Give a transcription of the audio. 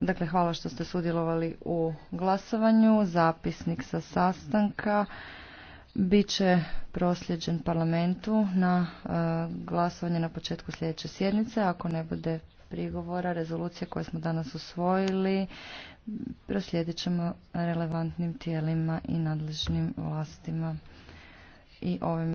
Dakle, hvala što ste sudjelovali u glasovanju. Zapisnik sa sastanka bit će prosljeđen parlamentu na e, glasovanje na početku sljedeće sjednice. Ako ne bude prigovora, rezolucije koje smo danas usvojili, proslijedit ćemo relevantnim tijelima i nadležnim vlastima. I ovim